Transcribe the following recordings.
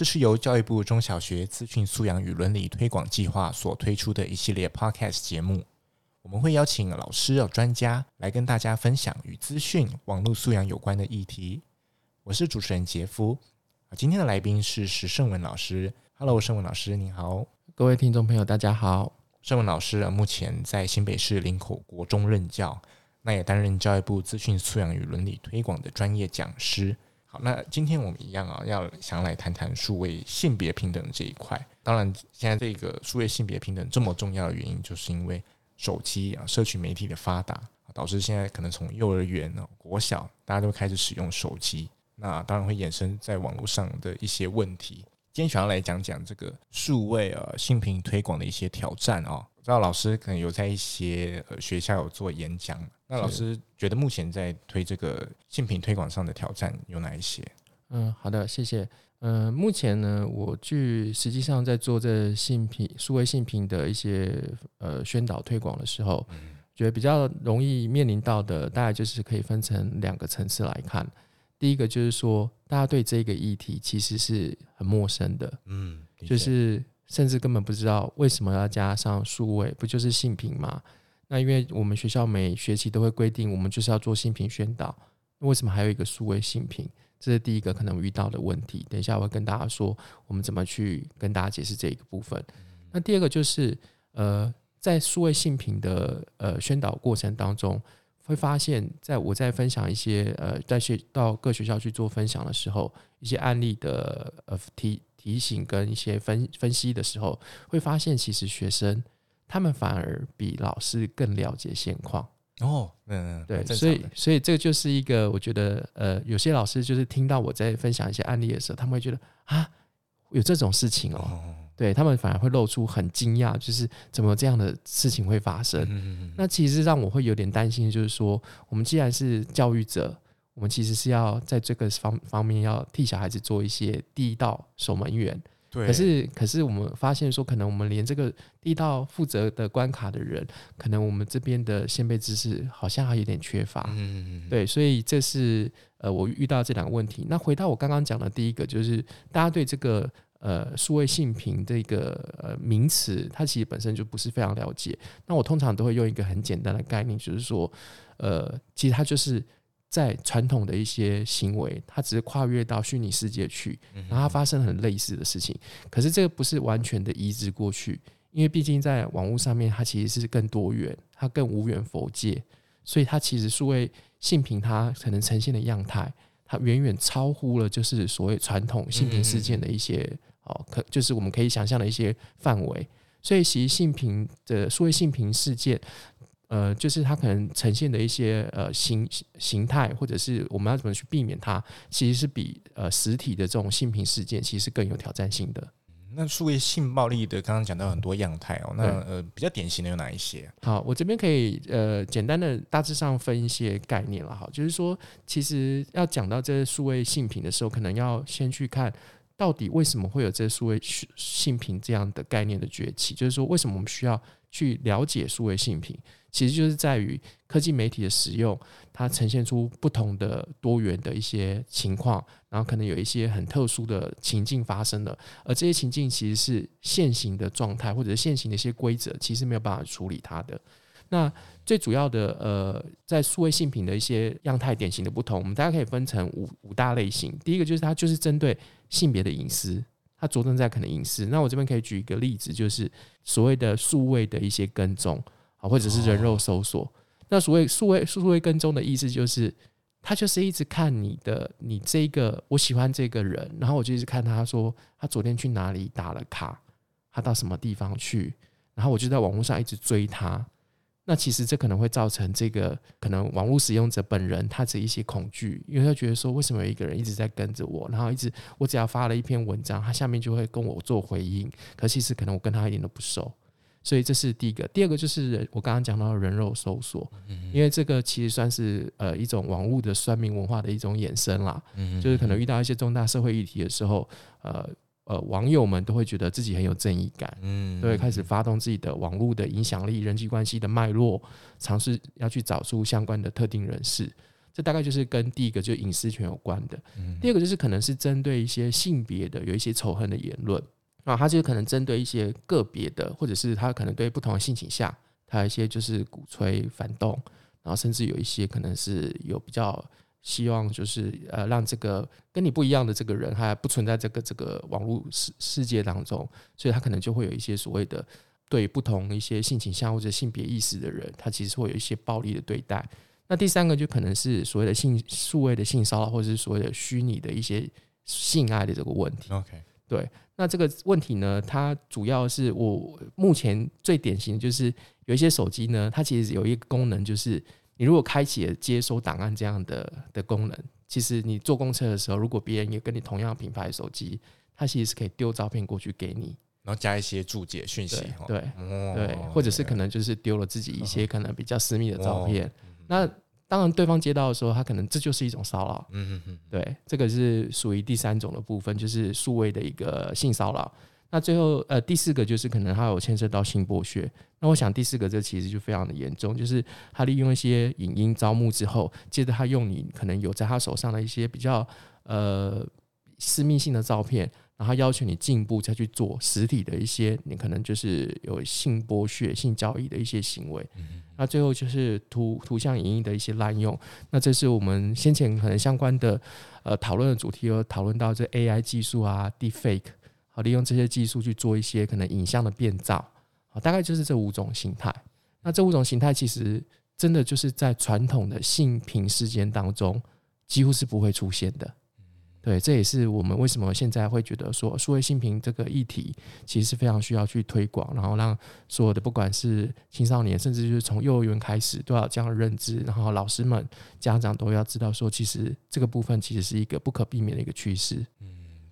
這是由教育部中小學資訊素養與倫理推廣計劃所推出的一系列 Podcast 節目。我們會邀請老師、專家來跟大家分享與資訊網絡素養有關的議題。我是主持人傑夫。今天的來賓是石盛文老師。Hello，盛文老師，你好。各位聽眾朋友，大家好。盛文老師目前在新北市林口國中任教，那也擔任教育部資訊素養與倫理推廣的專業講師。好，那今天我們一樣啊，要想來談談數位性別平等這一塊。當然，現在這個數位性別平等這麼重要的原因，就是因為手機啊、社群媒體的發達，導致現在可能從幼兒園、啊、國小，大家都開始使用手機，那當然會衍生在網絡上的一些問題。今天想要來講講這個數位啊、性平推廣的一些挑戰啊、哦。那老師可能有在一些呃學校有做演講，那老師覺得目前在推這個性平推廣上的挑戰有哪一些？嗯，好的，謝謝。嗯，目前呢，我去實際上在做這性平數位性平的一些呃宣導推廣的時候、嗯，覺得比較容易面臨到的，大概就是可以分成兩個層次來看。第一個就是說，大家對這個議題其實是很陌生的，嗯，就是。甚至根本不知道為什麼要加上數位，不就是性平嗎？那因為我們學校每學期都會規定，我們就是要做性平宣導。那為什麼還有一個數位性平？這是第一個可能遇到的問題。等一下我會跟大家說，我們怎麼去跟大家解釋這一個部分。那第二個就是，呃，在數位性平的呃宣導過程當中，會發現，在我在分享一些呃，在學到各學校去做分享的時候，一些案例的呃提。提醒跟一些分分析的時候，會發現其實學生他們反而比老師更了解現況哦，嗯，嗯，對，所以所以這個就是一個，我覺得呃，有些老師就是聽到我在分享一些案例的時候，他們會覺得啊，有這種事情喔，哦，對他們反而會露出很驚訝，就是怎麼這樣的事情會發生？嗯嗯嗯，那其實讓我會有點擔心，就是說我們既然是教育者，我們其實是要在這個方方面要替小孩子做一些第一道守門員，對。可是可是我們發現說，可能我們連這個第一道負責的關卡的人，可能我們這邊的先輩知識好像還有點缺乏，嗯、嗯、嗯，對。所以這是呃，我遇到這兩個問題。那回到我剛剛講的第一個，就是大家對這個呃數位性平這個呃名詞，它其實本身就不是非常了解。那我通常都會用一個很簡單的概念，就是說，呃，其實它就是。在傳統的一些行為，它只是跨越到虛擬世界去，然後它發生很類似的事情。可是這個不是完全的移植過去，因為畢竟在網路上面，它其實是更多元，它更無遠弗屆，所以它其實數位性平它可能呈現的樣態，它遠遠超乎了就是所謂傳統性平事件的一些嗯嗯嗯嗯哦，可就是我們可以想象的一些範圍。所以其實性平的數位性平事件。呃，就是它可能呈現的一些呃形形態，或者是我們要怎麼去避免它，其實是比呃實體的這種性侵事件，其實是更有挑戰性的。嗯、那數位性暴力的，剛剛講到很多樣態哦，那、嗯、呃比較典型的有哪一些？好，我這邊可以呃簡單的大致上分一些概念了哈，就是說，其實要講到這數位性平的時候，可能要先去看到底為什麼會有這數位性平這樣的概念的崛起，就是說，為什麼我們需要？去了解數位性平，其實就是在於科技媒體的使用，它呈現出不同的多元的一些情況，然後可能有一些很特殊的情境發生了，而這些情境其實是現行的狀態或者是現行的一些規則，其實沒有辦法處理它的。那最主要的呃，在數位性平的一些樣態典型的不同，我們大家可以分成五五大類型。第一個就是它就是針對性別的隱私。他着重在可能隱私，那我這邊可以舉一個例子，就是所謂的數位的一些跟蹤，啊，或者是人肉搜索。那所謂數位數位跟蹤的意思，就是他就是一直看你的，你這個我喜歡這個人，然後我就一直看他說他昨天去哪裡打了卡，他到什麼地方去，然後我就在網絡上一直追他。那其實這可能會造成這個可能網路使用者本人他的一些恐懼，因為他覺得說，為什麼有一個人一直在跟着我，然後一直我只要發了一篇文章，他下面就會跟我做回應，可其實可能我跟他一點都不熟，所以這是第一個。第二個就是人我剛剛講到的人肉搜索，因為這個其實算是呃一種網絡的酸民文化的一種衍生啦，就是可能遇到一些重大社會議題的時候，呃。呃，網友們都會覺得自己很有正義感，嗯，對，開始發動自己的網絡的影響力，嗯，人際關係的脈絡，嘗試要去找出相關的特定人士。這大概就是跟第一個就隱私權有關的。嗯，第二個就是可能是針對一些性別的有一些仇恨的言論。啊，它就可能針對一些個別的，或者是它可能對不同的性情下，它有一些就是鼓吹反動，然後甚至有一些可能是有比較。希望就是呃，讓這個跟你不一樣的這個人，還不存在這個這個網絡世世界當中，所以他可能就會有一些所謂的對不同一些性傾向或者性別意識的人，他其實會有一些暴力的對待。那第三個就可能是所謂的性數位的性騷擾，或者是所謂的虛擬的一些性愛的這個問題。OK，對。那這個問題呢，它主要是我目前最典型的就是有一些手機呢，它其實有一個功能就是。你如果開啟接收檔案這樣的的功能，其實你坐公車的時候，如果別人也跟你同樣的品牌手機，他其實是可以丟照片過去給你，然後加一些注解訊息，對對，哦、對，對，對對，或者是可能就是丟了自己一些可能比較私密的照片。哦哦、那當然，對方接到的時候，他可能這就是一種騷擾。嗯嗯嗯，對，這個是屬於第三種的部分，就是數位的一個性騷擾。那最後，呃，第四個就是可能他有牽涉到性剝削。那我想，第四個這其實就非常的嚴重，就是他利用一些影音招募之後，接着他用你可能有在他手上的一些比較呃私密性的照片，然後要求你進一步再去做實體的一些你可能就是有性剝削、性交易的一些行為。嗯嗯，那最後就是圖圖像影音的一些濫用。那這是我們先前可能相關的呃討論的主題，有討論到這 AI 技術啊，Deepfake。利用這些技術去做一些可能影像的變造，大概就是這五種形態。那這五種形態其實真的就是在傳統的性平事件當中幾乎是不會出現的。對，這也是我們為什麼現在會覺得說，數位性平這個議題其實是非常需要去推廣，然後讓所有的不管是青少年，甚至就是從幼兒園開始都要這樣認知，然後老師們、家長都要知道說，其實這個部分其實是一個不可避免的一個趨勢。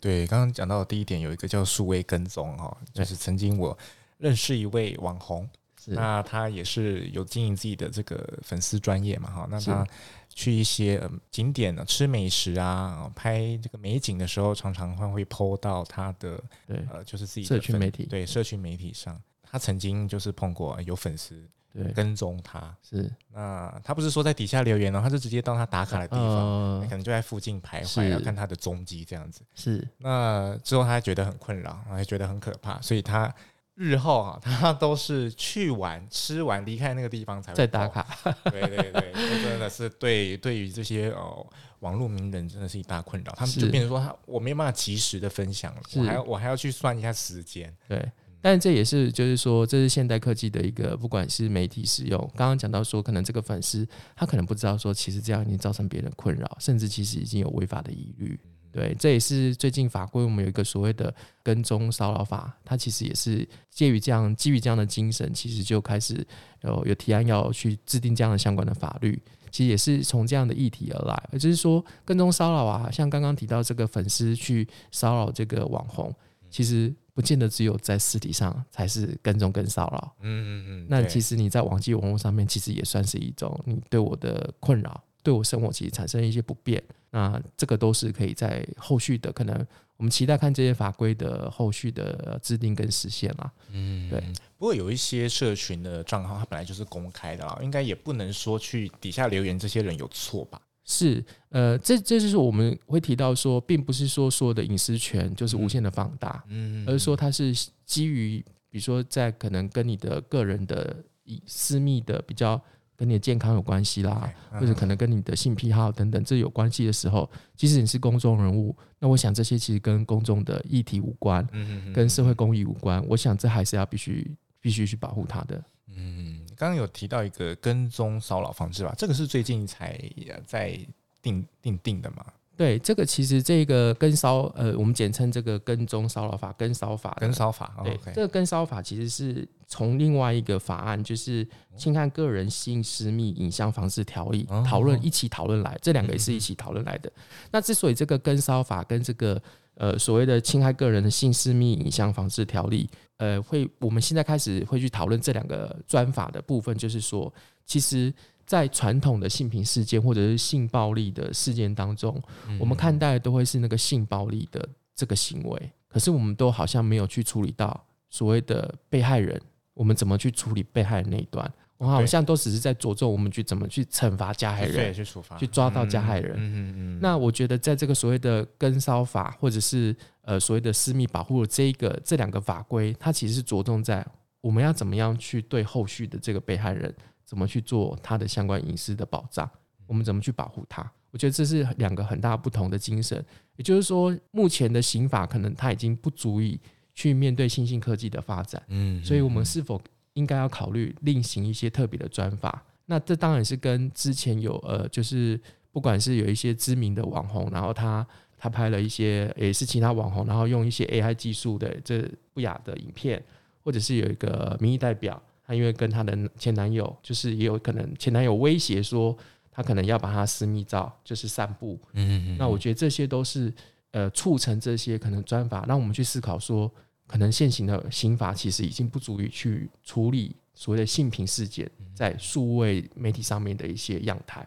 對，剛剛講到的第一點，有一個叫數位跟蹤哈，就是曾經我認識一位網紅，那他也是有經營自己的這個粉絲專業嘛哈，那他去一些景點呢，吃美食啊，拍這個美景的時候，常常會會 PO 到他的呃，就是自己的自媒體，對，社群媒體上，他曾經就是碰過有粉絲。對，跟蹤他是那他不是說在底下留言哦、喔，他就直接到他打卡的地方，呃、可能就在附近徘徊要看他的蹤迹這樣子。是那之後，他還覺得很困擾，還覺得很可怕，所以他日後啊，他都是去完、吃完離開那個地方才會在打卡。 對對對， 真的是對對於這些哦網絡名人，真的是一大困擾。他們就變成說，我沒辦法及時的分享了，我還要我還要去算一下時間。對。但這也是，就是說，這是現代科技的一個，不管是媒體使用，剛剛講到說，可能這個粉絲他可能不知道說，其實這樣已經造成別人困擾，甚至其實已經有違法的疑慮。對，這也是最近法規我們有一個所謂的跟蹤騷擾法，它其實也是介於這樣，基於這樣的精神，其實就開始有有提案要去制定這樣的相關的法律。其實也是從這樣的議題而來，也就是說跟蹤騷擾啊，像剛剛提到這個粉絲去騷擾這個網紅，其實，不見得只有在實體上才是跟蹤跟騷擾，嗯嗯嗯。那其實你在網際網絡上面，其實也算是一種你對我的困擾，對我生活其實產生一些不便。那這個都是可以在後續的可能，我們期待看這些法規的後續的制定跟實現嘛。嗯，對。不過有一些社群的賬號，它本來就是公開的，啊，應該也不能說去底下留言這些人有錯吧。是，呃，這這就是我們會提到說，並不是說所有的隱私權就是無限的放大，嗯，嗯嗯，而是說它是基於，比如說在可能跟你的個人的私密的比較跟你的健康有關係啦，嗯嗯，或者可能跟你的性癖好等等這有關係的時候，即使你是公眾人物，那我想這些其實跟公眾的議題無關，跟社會公益無關，嗯嗯嗯嗯嗯，我想這還是要必須必須去保護它的，嗯。嗯剛剛有提到一個跟蹤騷擾防治吧，這個是最近才在定定定的嗎？對，這個其實這個跟騷呃，我們簡稱這個跟蹤騷擾法，跟騷法，跟騷法。對，哦 okay、這個跟騷法其實是從另外一個法案，就是《侵害個人性私密影像防治條例》討、哦、論一起討論來，哦、這兩個也是一起討論來的、嗯。那之所以這個跟騷法跟這個呃，所謂的侵害個人的性私密影像防治條例，呃，會我們現在開始會去討論這兩個專法的部分，就是說，其實，在傳統的性平事件或者是性暴力的事件當中，嗯、我們看待的都會是那個性暴力的這個行為，可是我們都好像沒有去處理到所謂的被害人，我們怎麼去處理被害人那一端？啊，我好像都只是在着重我們去怎麼去懲罰加害人，對，去處罰，去抓到加害人。嗯嗯嗯,嗯。那我覺得，在這個所謂的“跟騷法”或者是呃所謂的“私密保護”這一個這兩個法規，它其實是着重在我們要怎麼樣去對後續的這個被害人，怎麼去做他的相關隱私的保障，我們怎麼去保護他？我覺得這是兩個很大不同的精神。也就是說，目前的刑法可能它已經不足以去面對新興科技的發展嗯。嗯，所以我們是否？應該要考慮另行一些特別的專法。那這當然是跟之前有呃，就是不管是有一些知名的網紅，然後他他拍了一些，也、欸、是其他網紅，然後用一些 AI 技術的這不雅的影片，或者是有一個民意代表，他因為跟他的前男友，就是也有可能前男友威脅說，他可能要把他私密照就是散布。嗯嗯嗯。那我覺得這些都是呃促成這些可能專法，那我們去思考說。可能現行的刑法其實已經不足以去處理所謂的性平事件在數位媒體上面的一些樣態，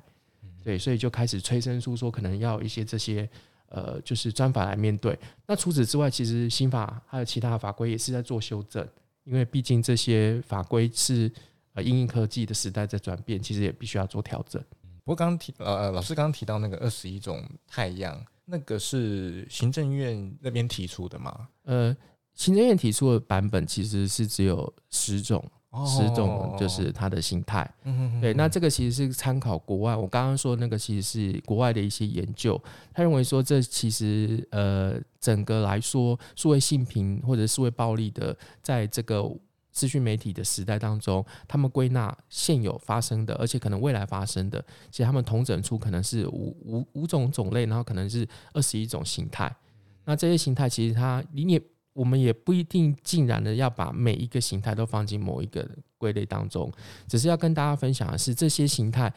對，所以就開始催生出說可能要一些這些呃，就是專法來面對。那除此之外，其實刑法還有其他的法規也是在做修正，因為畢竟這些法規是呃，因應科技的時代在轉變，其實也必須要做調整，嗯。不過剛提呃，老師剛剛提到那個二十一種態樣，那個是行政院那邊提出的嗎？呃。行政院提出的版本其實是只有十種，哦、十種就是它的形態。哦、對，那這個其實是參考國外。我剛剛說那個其實是國外的一些研究，他認為說這其實呃整個來說，數位性平或者數位暴力的，在這個資訊媒體的時代當中，他們歸納現有發生的，而且可能未來發生的，其實他們統整出可能是五五五種種類，然後可能是二十一種形態。那這些形態其實它你也。我們也不一定盡然的要把每一個形態都放進某一個歸類當中，只是要跟大家分享的是，這些形態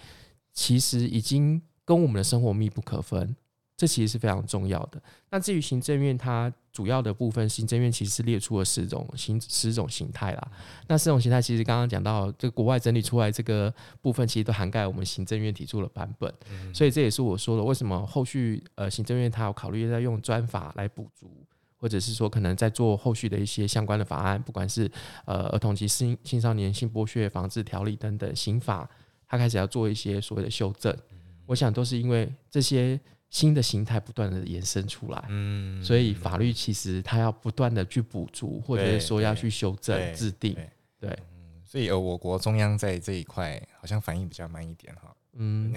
其實已經跟我們的生活密不可分，這其實是非常重要的。那至於行政院它主要的部分，行政院其實是列出了十種形十種形態啦。那十種形態其實剛剛講到，這個國外整理出來這個部分，其實都涵蓋我們行政院提出的版本。所以這也是我說的，為什麼後續呃行政院它要考慮再用專法來補足。或者是說，可能在做後續的一些相關的法案，不管是呃兒童及新青少年性剝削防治條例等等，刑法，他開始要做一些所謂的修正、嗯。我想都是因為這些新的形態不斷的延伸出來，嗯，所以法律其實它要不斷的去補足、嗯，或者是說要去修正制定，對。對對嗯、所以，我國中央在這一塊好像反應比較慢一點哈。嗯，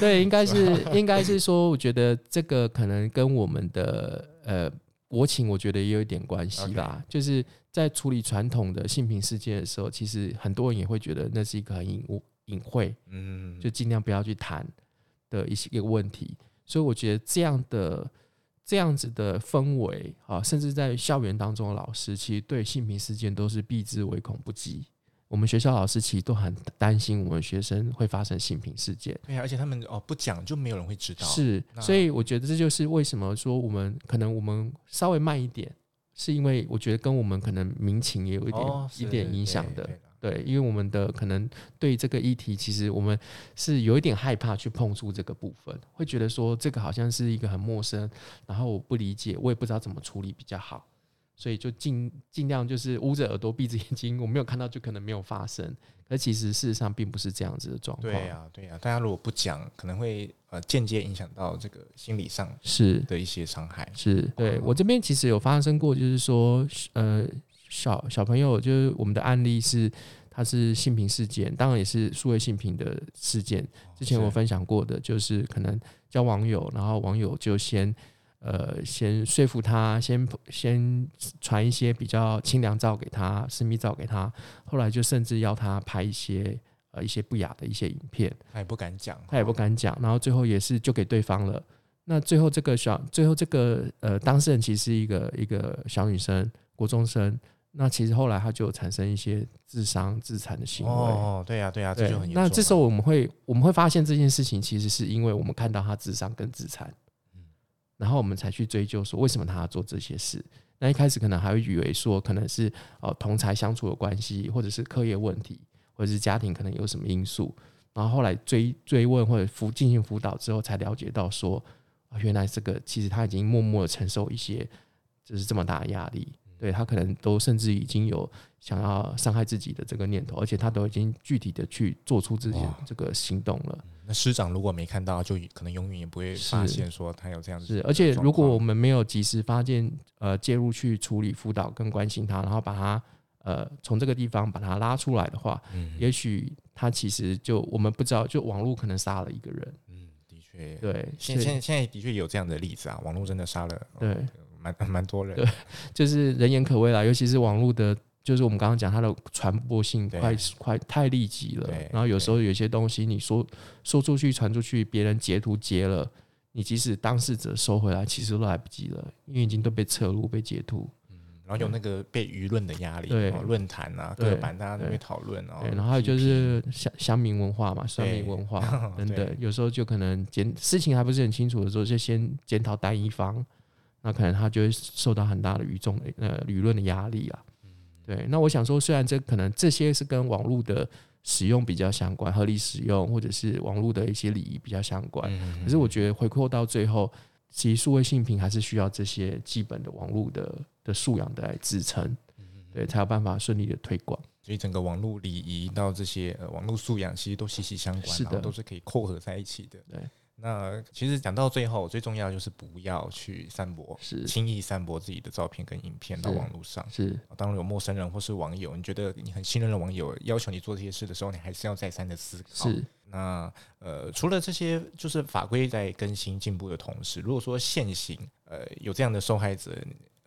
對，應該是 應該是說，我覺得這個可能跟我們的呃。國情我覺得也有一點關係吧，就是在處理傳統的性平事件的時候，其實很多人也會覺得那是一個很隱隱晦，嗯，就儘量不要去談的一些一個問題。所以我覺得這樣的這樣子的氛圍啊，甚至在校園當中的老師，其實對性平事件都是避之唯恐不及。我們學校老師其實都很擔心我們學生會發生性侵事件。對啊，而且他們哦不講就沒有人會知道。是，所以我覺得這就是為什麼說我們可能我們稍微慢一點，是因為我覺得跟我們可能民情也有一點、哦、一點影響的對對對。對，因為我們的可能對這個議題，其實我們是有一點害怕去碰觸這個部分，會覺得說這個好像是一個很陌生，然後我不理解，我也不知道怎麼處理比較好。所以就儘儘量就是捂着耳朵閉着眼睛，我沒有看到就可能沒有發生，而其實事實上並不是這樣子的狀況。對呀、啊，對呀、啊，大家如果不講，可能會呃間接影響到這個心理上是的一些傷害。是，是對我這邊其實有發生過，就是說呃小小朋友，就是我們的案例是他是性平事件，當然也是數位性平的事件、哦。之前我分享過的，就是可能交網友，然後網友就先。呃，先說服他，先先傳一些比較清涼照給他，私密照給他。後來就甚至要他拍一些呃一些不雅的一些影片，他也不敢講，他也不敢講。然後最後也是就給對方了。那最後這個小，最後這個呃當事人其實是一個一個小女生，國中生。那其實後來他就產生一些自傷自殘的行為。哦，對呀，對呀，這就很有。對，那這時候我們會我們會發現這件事情，其實是因為我們看到他自傷跟自殘。然後我們才去追究說為什麼他要做這些事。那一開始可能還會以為說可能是呃同儕相處的關係，或者是課業問題，或者是家庭可能有什麼因素。然後後來追追問或者輔進行輔導之後，才了解到說，原來這個其實他已經默默的承受一些，就是這麼大的壓力。對，他可能都甚至已經有想要傷害自己的這個念頭，而且他都已經具體的去做出自己的這個行動了。那師長如果沒看到，就可能永遠也不會發現說他有這樣子。是，而且如果我們沒有及時發現，呃，介入去處理、輔導跟關心他，然後把他呃從這個地方把他拉出來的話，嗯，也許他其實就我們不知道，就網絡可能殺了一個人。嗯，的確，對，現在對現在的確有這樣的例子啊，網絡真的殺了。對。對蠻蠻多人，對，就是人言可畏啦，尤其是網絡的，就是我們剛剛講，它的傳播性快快，太立即了。然後有時候有些東西你說說出去傳出去，別人截圖截了，你即使當事者收回來，其實都來不及了，因為已經都被撤路被截圖，嗯。然後有那個被輿論的壓力，論壇啊，各個版大家都會討論。然後還有就是鄉鄉民文化嘛，鄉民文化等等，有時候就可能檢事情還不是很清楚的時候，就先檢討單一方。那可能他就會受到很大的輿論的呃輿論的壓力了啊。對，那我想說，雖然這可能這些是跟網絡的使用比較相關，合理使用或者是網絡的一些禮儀比較相關，嗯嗯嗯嗯，可是我覺得回扣到最後，其實數位性平還是需要這些基本的網絡的的素養的來支撐，對，才有辦法順利的推廣。所以整個網絡禮儀到這些，呃，網絡素養，其實都息息相關，是的，都是可以扣合在一起的。對。那其實講到最後，最重要就是不要去散播，是輕易散播自己的照片跟影片到網絡上是。是，當然有陌生人或是網友，你覺得你很信任的網友要求你做這些事的時候，你還是要再三的思考。是。那呃，除了這些，就是法規在更新進步的同時，如果說現行呃有這樣的受害者，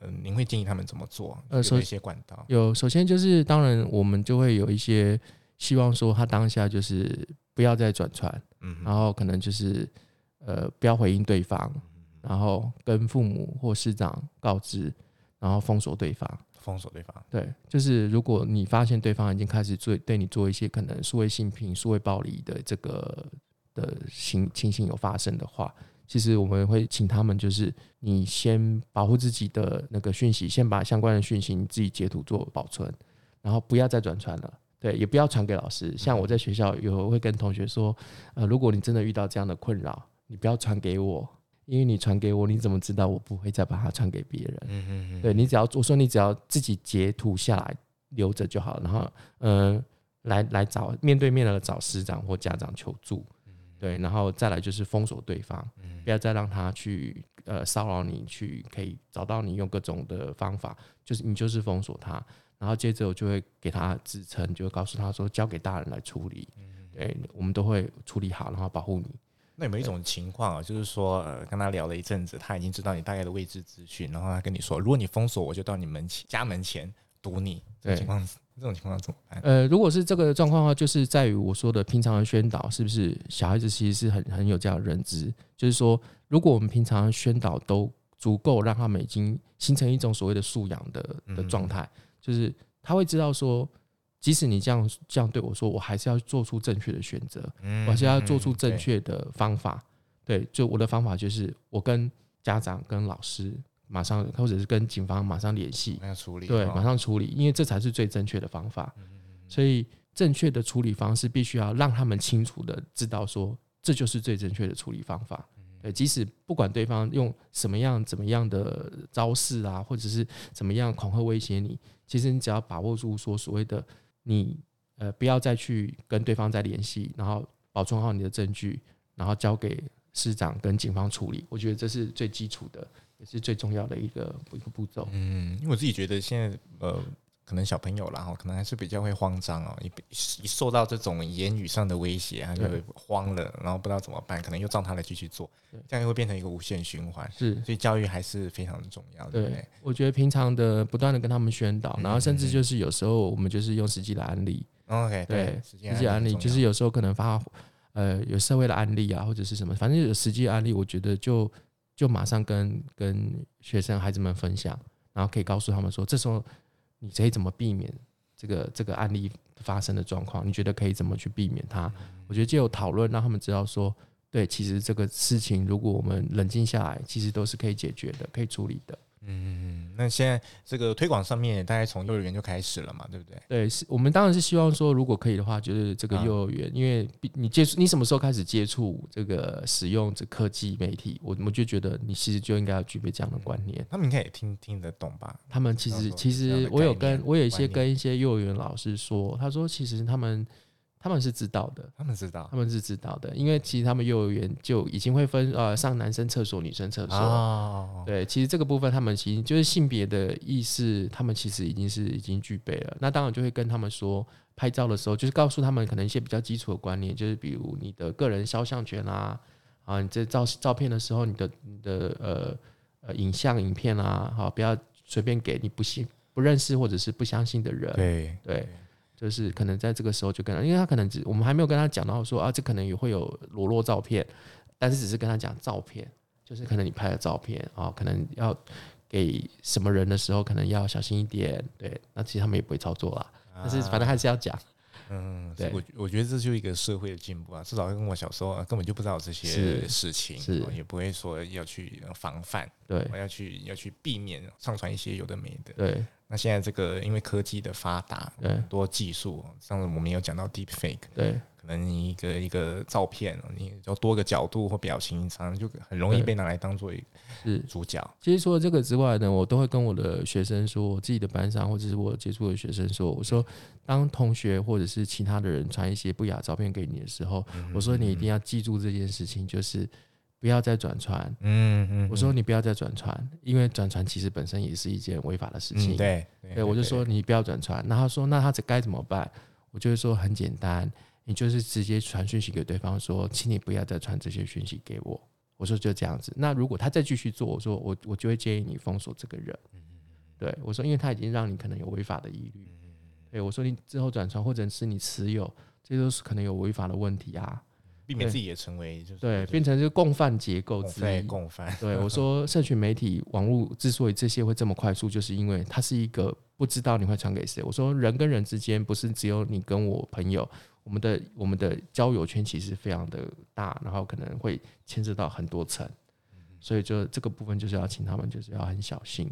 嗯、呃，您會建議他們怎麼做？呃，有一些管道，有首先就是，當然我們就會有一些希望說他當下就是。不要再轉傳、嗯，然後可能就是，呃，不要回應對方，然後跟父母或師長告知，然後封鎖對方。封鎖對方。對，就是如果你發現對方已經開始做對你做一些可能數位性平、數位暴力的這個的情情形有發生的話，其實我們會請他們就是，你先保護自己的那個訊息，先把相關的訊息你自己截圖做保存，然後不要再轉傳了。對，也不要傳給老師。像我在學校有會跟同學說，嗯、呃，如果你真的遇到這樣的困擾，你不要傳給我，因為你傳給我，你怎麼知道我不會再把它傳給別人？嗯嗯嗯、對，你只要我說你只要自己截圖下來留着就好，然後嗯來來找面對面的找師長或家長求助，對，然後再來就是封鎖對方，不要再讓他去呃騷擾你，去可以找到你用各種的方法，就是你就是封鎖他。然後接着我就會給他支撐，就會告訴他說：“交給大人來處理。”嗯，對，我們都會處理好，然後保護你。嗯嗯嗯嗯、那有沒有一種情況啊？就是說、呃，跟他聊了一陣子，他已經知道你大概的位置資訊，然後他跟你說：“如果你封鎖，我就到你門前、家門前堵你。”這種情況，這種情況怎麼辦？呃，如果是這個狀況的話，就是在於我說的平常的宣導，是不是小孩子其實是很很有這樣的認知？就是說，如果我們平常宣導都足夠讓他們已經形成一種所謂的素養的的狀態。就是他會知道說，即使你這樣這樣對我說，我還是要做出正確的選擇，嗯，我還是要做出正確的方法，嗯嗯對。對，就我的方法就是，我跟家長、跟老師馬上，或者是跟警方馬上聯繫，要處理，對，馬上處理，因為這才是最正確的方法。嗯嗯嗯，所以正確的處理方式必須要讓他們清楚的知道說，這就是最正確的處理方法。即使不管對方用什麼樣、怎麼樣的招式啊，或者是怎麼樣恐嚇威脅你，其實你只要把握住說所謂的你，呃，不要再去跟對方再聯繫，然後保存好你的證據，然後交給師長跟警方處理。我覺得這是最基礎的，也是最重要的一個一個步驟。嗯，因為我自己覺得現在呃。可能小朋友啦，可能還是比較會慌張哦、喔，一一受到這種言語上的威脅，他就慌了，然後不知道怎麼辦，可能又照他來繼續做，這樣又會變成一個無限循環。是，所以教育還是非常的重要。對、對、對，我覺得平常的不斷的跟他們宣導嗯嗯嗯，然後甚至就是有時候我們就是用實際的案例，OK，、嗯嗯嗯、對、對，實際案例就是有時候可能發，呃，有社會的案例啊，或者是什麼，反正有實際案例，我覺得就就馬上跟跟學生孩子們分享，然後可以告訴他們說，這時候。你可以怎麼避免這個這個案例發生的狀況？你覺得可以怎麼去避免它？Mm -hmm. 我覺得就有討論，讓他們知道說，對，其實這個事情如果我們冷靜下來，其實都是可以解決的，可以處理的。嗯，那現在這個推廣上面，大概從幼兒園就開始了嘛，對不對？對，是我們當然是希望說，如果可以的話，就是這個幼兒園，啊、因為你接觸，你什麼時候開始接觸這個使用這科技媒體，我我就覺得你其實就應該要具備這樣的觀念。嗯、他們應該也聽聽得懂吧？他們其實其實我有跟我有一些跟一些幼兒園老師說，他說其實他們。他們是知道的，他們知道，他們是知道的，因為其實他們幼兒園就已經會分呃上男生廁所、女生廁所、哦。對，其實這個部分他們其實就是性別的意識，他們其實已經是已經具備了。那當然就會跟他們說，拍照的時候就是告訴他們可能一些比較基礎的觀念，就是比如你的個人肖像權啦、啊，啊，你這照照片的時候，你的你的呃呃影像、影片啊，好、哦，不要隨便給你不信、不認識或者是不相信的人。對。對就是可能在這個時候就跟他，因為他可能只我們還沒有跟他講到說啊，這可能也會有裸露照片，但是只是跟他講照片，就是可能你拍的照片啊，可能要給什麼人的時候，可能要小心一點。對，那其實他們也不會操作啦，但是反正還是要講、啊。嗯，我、嗯、我覺得這就一個社會的進步啊，至少跟我小時候根本就不知道這些事情，是是我也不會說要去防範，對，我要去要去避免上傳一些有的沒的，對。那現在這個因為科技的發達，很多技術，上次我們有講到 deep fake，對，可能一個一個照片，你要多個角度或表情，常常就很容易被拿來當作一個，是主角。其實除了這個之外呢，我都會跟我的學生說，我自己的班上或者是我接觸的學生說，我說當同學或者是其他的人傳一些不雅照片給你的時候，嗯，我說你一定要記住這件事情，就是。不要再轉傳，嗯嗯，我說你不要再轉傳，因為轉傳其實本身也是一件違法的事情，對，我就說你不要轉傳。那他說，那他這該怎麼辦？我就是說很簡單，你就是直接傳訊息給對方說，請你不要再傳這些訊息給我。我說就這樣子。那如果他再繼續做，我說我我就會建議你封鎖這個人。對，我說因為他已經讓你可能有違法的疑慮。對，我說你之後轉傳或者是你持有，這都是可能有違法的問題啊。避免自己也成為就是對，變成是共犯結構之一共犯，共犯 對，我說社群媒體網絡之所以這些會這麼快速，就是因為它是一個不知道你會傳給誰。我說人跟人之間不是只有你跟我朋友，我們的我們的交友圈其實非常的大，然後可能會牽涉到很多層，所以就這個部分就是要請他們就是要很小心。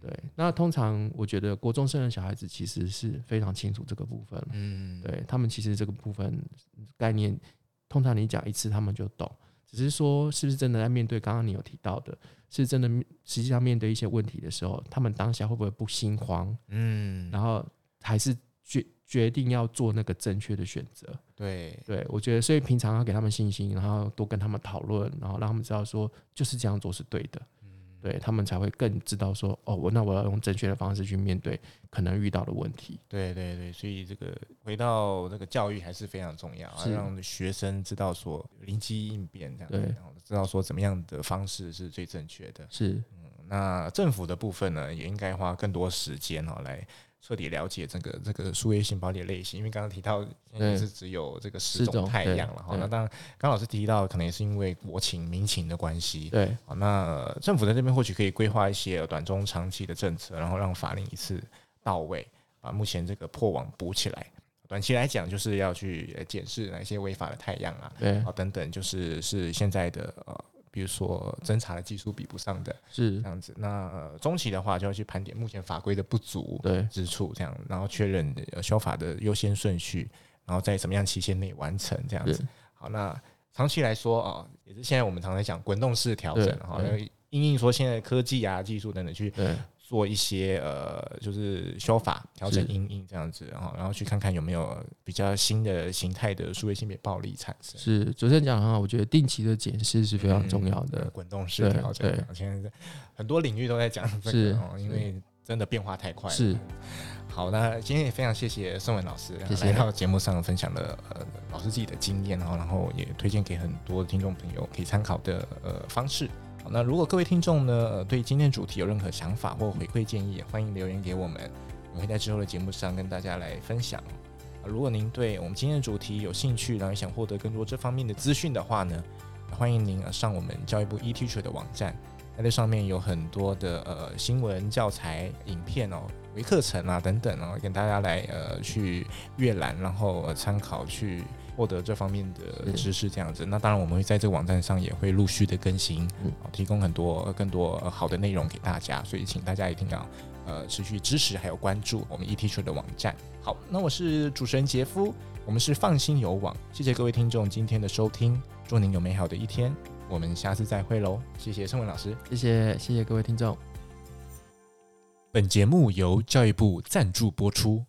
對，那通常我覺得國中生的小孩子其實是非常清楚這個部分，嗯，對他們其實這個部分概念。通常你講一次，他們就懂。只是說，是不是真的在面對剛剛你有提到的，是真的實際上面對一些問題的時候，他們當下會不會不心慌？嗯，然後還是決決定要做那個正確的選擇。對，對，對我覺得，所以平常要給他們信心，然後多跟他們討論，然後讓他們知道說，就是這樣做是對的。對他們才會更知道說，哦，我那我要用正確的方式去面對可能遇到的問題。對對對，所以這個回到這個教育還是非常重要，要讓學生知道說臨機應變這樣，然後知道說怎麼樣的方式是最正確的。是，嗯，那政府的部分呢，也應該花更多時間哦來。徹底了解這個這個數位性暴力的類型，因為剛剛提到，現在是只有這個十種態樣了哈。那當然，剛老師提到可能也是因為國情民情的關係。對，那政府在這邊或許可以規劃一些短中長期的政策，然後讓法令一次到位，把目前這個破網補起來。短期來講，就是要去檢視哪些違法的態樣啊，啊等等，就是是現在的呃。比如說偵查的技術比不上的，是這樣子。那、呃、中期的話，就要去盤點目前法規的不足之處，這樣，然後確認修法的優先順序，然後在什麼樣期限內完成這樣子。好，那長期來說啊，也是現在我們常常講滾動式調整哈，因為因應說現在科技啊、技術等等去。做一些呃，就是修法調整因應這樣子，然後然後去看看有沒有比較新的形態的數位性別暴力產生。是，昨天講的話，我覺得定期的檢視是非常重要的。嗯、嗯、滾動式調整。現在很多領域都在講這個，因為真的變化太快了。是。好，那今天也非常謝謝盛文老師、啊、來到節目上分享了呃老師自己的經驗，然後然後也推薦給很多聽眾朋友可以參考的呃方式。那如果各位聽眾呢，呃，對今天的主題有任何想法或回饋建議，也歡迎留言給我們，我們會在之後的節目上跟大家來分享。如果您對我們今天的主題有興趣，然後想獲得更多這方面的資訊的話呢，歡迎您上我們教育部 eTeacher 的網站，那在上面有很多的呃新聞、教材、影片哦、微課程啊等等哦，跟大家來呃去閱覽，然後、呃、參考去，獲得這方面的知識，這樣子。那當然，我們會在這個網站上也會陸續的更新，嗯、提供很多更多好的內容給大家。所以，請大家一定要呃持續支持還有關注我們 eTeacher 的網站。好，那我是主持人杰夫，我們是放心有網。謝謝各位聽眾今天的收聽，祝您有美好的一天，我們下次再會嘍。謝謝盛文老師，謝謝謝謝各位聽眾。本節目由教育部贊助播出。